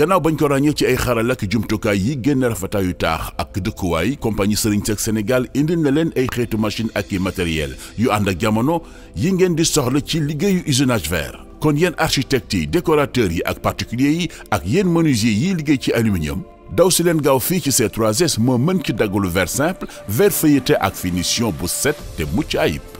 gannaaw bañ ko ràññee ci ay xarala ak jumtukaay yi génn yu taax ak dëkkuwaay compagnie Serigne Seck Sénégal indil na leen ay xeetu machine ak i matériel yu ànd ak jamono yi ngeen di soxla ci liggéeyu usinage vert. kon yenn architecte yi décorateur yi ak particulier yi ak yenn menuisier yiy liggéey ci aluminium daw si leen gaaw fii ci c 3 moo mën ci daggalu verre simple verre feuilleté ak finition bu set te mucc ayib.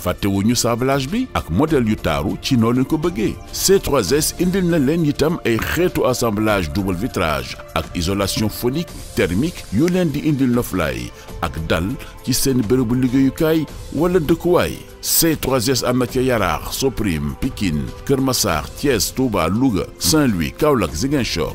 fàttewuñu sablage bi ak modèle yu taaru ci noolu leen ko bëggee c 3 indil na leen itam ay xeetu assemblage double vitrage ak isolation phonique thermique yu leen di indil noflaay ak dal ci seen bërëbu liggéeyukaay wala dëkkuwaay C3S am na ca Yaraax Soprim Pikine Kër Massar Thiès Touba Louga Saint-Louis Kaolack Ziguinchor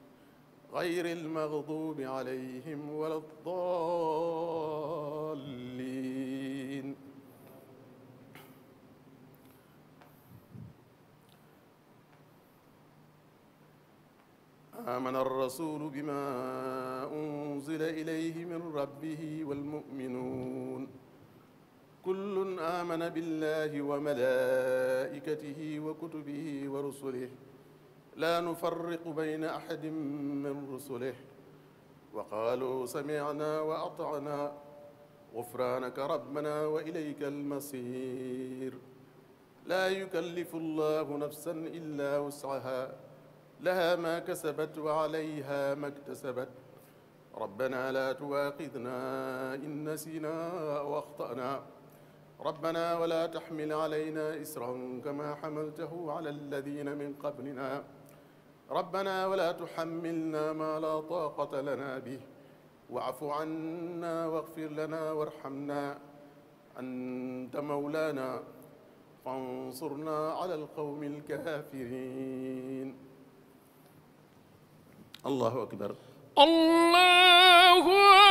غير المغضوب عليهم ولا الضالين آمن الرسول بما أنزل إليه من ربه والمؤمنون كل آمن بالله وملائكته وكتبه ورسله laa nufarriqu bayna ahadin min rusulih wa qaalu sami'naa wa ata'naa ghufraanaka rabbanaa wa ilayka al-masiir laa yukallifu llaahu nafsan illaa wus'ahaa lahaa maa kasabat wa 'alayhaa maa iktasabat rabbanaa laa tu'aakhidhnaa in nasiinaa aw akhta'naa rabbanaa wa laa tahmil 'alaynaa isran kamaa hamaltahu 'alaa llaziina min qablinaa ربنا ولا تحملنا ما لا طاقة لنا به واعف عنا واغفر لنا وارحمنا أنت مولانا فانصرنا على القوم الكافرين الله أكبر الله أكبر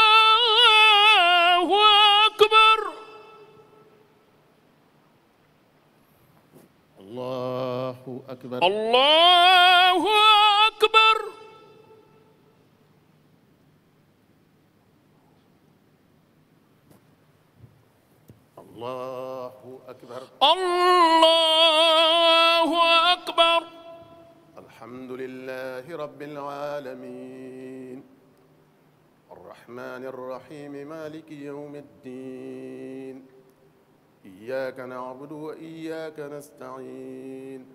allahu akbar allahu akbar allahu akbar allahu akbar alhamdulillahi rabbil alamin arrahmani arrahim maliki yawmi ddin إياك نعبد وإياك نستعين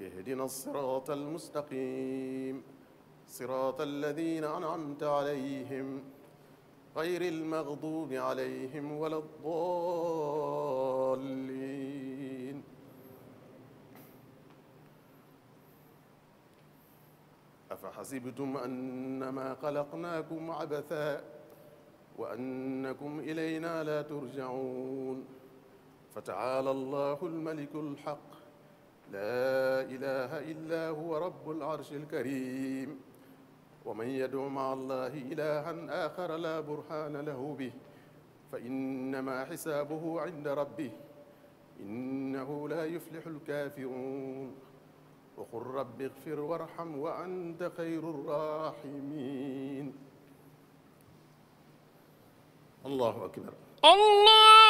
اهدنا الصراط المستقيم صراط الذين أنعمت عليهم غير المغضوب عليهم ولا الضالين أفحسبتم أنما خلقناكم عبثا وأنكم إلينا لا ترجعون فتعالى الله الملك الحق لا إله إلا هو رب العرش الكريم ومن يدع مع الله إلها آخر لا برهان له به فإنما حسابه عند ربه إنه لا يفلح الكافرون وقل رب اغفر وارحم وأنت خير الراحمين الله أكبر الله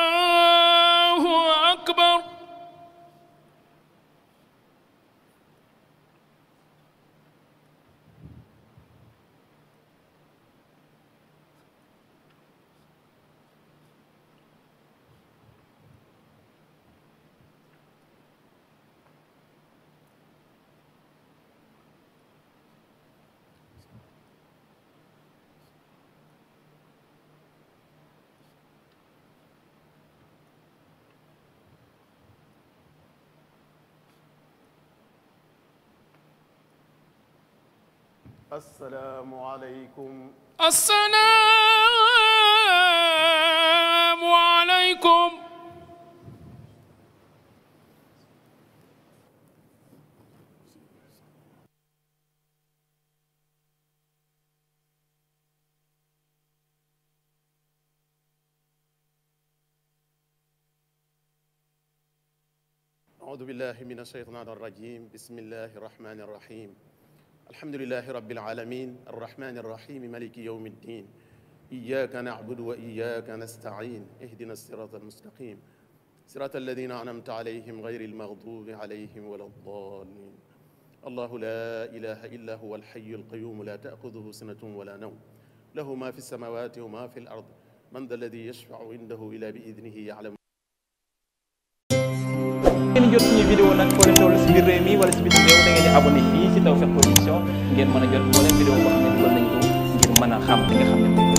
asalaamualeykum. asalaamualeykum. auudu billaahi mina shaytaani rajiim bismillaahi rahmaani rahiim. alhamdulilahi rabbil alamin arrahmani arrahimi maliki yawmi ddin iyyaka na'budu wa iyyaka nasta'in ihdina sirata almustaqim sirata alladina an'amta alayhim ghayri almaghdubi alayhim wala ddallin allahu la ilaha illa huwa alhayyu alqayyum la ta'khudhuhu sinatun wala nawm lahu ma fi samawati wa ma fi al ard man dha alladi yashfa'u indahu illa bi idnihi ya'lamu ngeen jot suñu vidéo nag foo leen toll si biir réew mi si biir réew si Tawfekh Production ngeen mën a jot moo leen vidéo boo xam ne dugal nañ a xam li